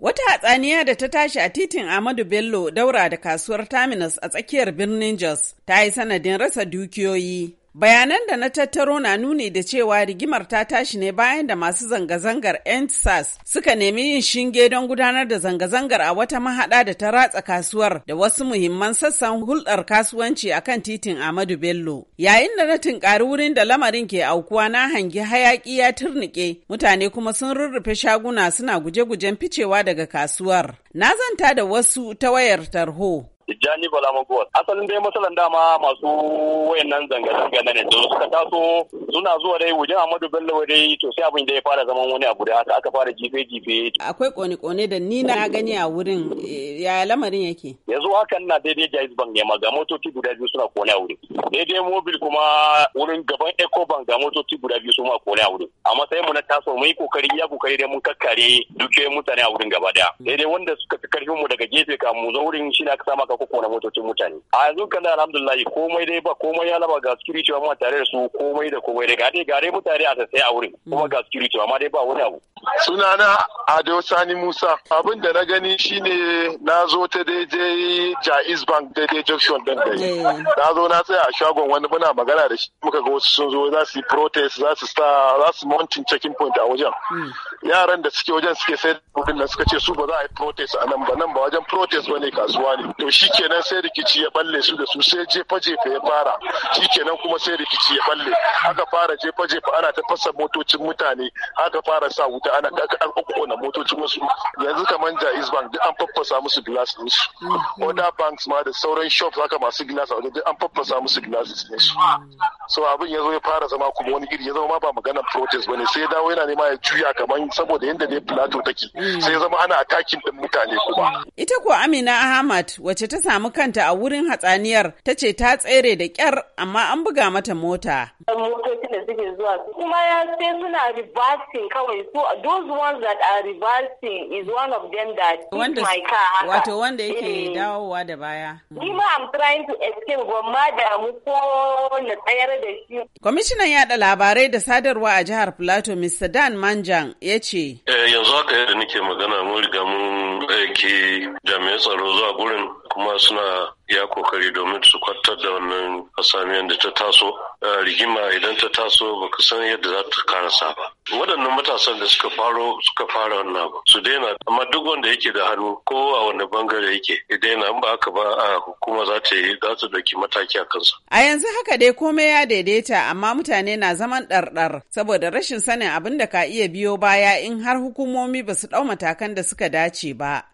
Wata hatsaniya da ta tashi a titin Ahmadu Bello daura da kasuwar Terminus a tsakiyar birnin Jos ta yi sanadin rasa dukiyoyi Bayanan da na tattaro na nuni da cewa rigimar ta tashi ne bayan da masu zanga-zangar NSAS suka nemi yin shinge don gudanar da zanga-zangar a wata mahada da ta ratsa kasuwar da wasu muhimman sassan hulɗar kasuwanci a kan titin Amadu Bello. Yayin da na tunkari wurin da lamarin ke aukuwa na hangi hayaki ya turnike, mutane kuma sun rurrufe shaguna suna guje-gujen ficewa daga kasuwar. Na zanta da wasu ta wayar tarho. Tijjani Bala Magowar. Asalin dai matsalan dama masu wayannan zanga-zanga na ne da suka taso suna zuwa dai wajen Ahmadu Bello dai to sai abin da ya fara zaman wani abu da haka aka fara jife-jife. Akwai kone-kone da ni na gani a wurin ya lamarin yake. Yanzu hakan na daidai Jaiz Bank ne ga motoci guda biyu suna kone a wurin. Daidai mobil kuma wurin gaban Eco Bank ga motoci guda biyu suna kone a wurin. A matsayin mu na taso mun yi kokari ya kokari dai mun kakkare dukiyoyin mutane a wurin gaba daya. Daidai wanda suka fi karfin mu daga gefe kamun zo wurin shi na aka sama suka kokona motocin mutane a yanzu kan alhamdulillahi komai dai ba komai ya laba ga security amma tare da su komai da komai dai gare gare mutane a sai a wurin kuma hmm. ga security amma dai ba wani abu sunana Ado Sani Musa abin da na gani shine na zo ta daidai Jaiz Bank daidai junction din dai eh. na zo na tsaya a shagon wani muna magana da shi muka ga wasu sun zo za su yi protest za su sta za su mountain checking point a wajen hmm. yaran da suke wajen suke sai da suka ce su ba za a yi protest a nan ba nan ba wajen protest ne kasuwa ne to shi shikenan sai rikici ya balle su da su sai jefa jefa ya fara shikenan kuma sai rikici ya balle aka fara jefa jefa ana ta fasa motocin mutane aka fara sa wuta ana an kokona motocin wasu yanzu kamar Jaiz Bank duk an faffasa musu glasses din su mm-hmm. other banks ma da sauran shops haka masu glass a duk an faffasa musu glasses din su so abin ya zo ya fara zama kuma wani iri ya zama ma ba magana protest bane sai ya dawo yana nema ya juya kaman saboda yanda dai plateau take mm. sai ya zama ana attacking din mutane kuma ita ko Amina Ahmad wacce ta samu kanta a wurin hatsaniyar ta ce ta tsere da kyar amma an buga mata mota. Motocin da suke zuwa kuma ya sai suna reversing kawai so those ones that are reversing is one of them that wanda, my car Wato wanda yake eh. dawowa da baya. Ni ma am trying to escape gwamma da mu ko na tsayar da shi. Kwamishinan yada labarai da sadarwa a jihar Plateau Mr. Dan Manjan ya ce. Eh, yanzu haka yadda nake magana mun riga mun aiki jami'an tsaro zuwa gurin kuma suna ya kokari domin su kwantar da wannan hasamiyar da ta taso rigima idan ta taso baka san yadda za ta karasa ba waɗannan matasan da suka faro suka fara wannan abu su daina amma duk wanda yake da hannu ko a wani bangare yake idan daina in ba aka ba a hukuma za ta yi za ta dauki mataki a kansa a yanzu haka dai komai ya daidaita amma mutane na zaman ɗarɗar saboda rashin sanin abin da ka iya biyo baya in har hukumomi ba su ɗau matakan da suka dace ba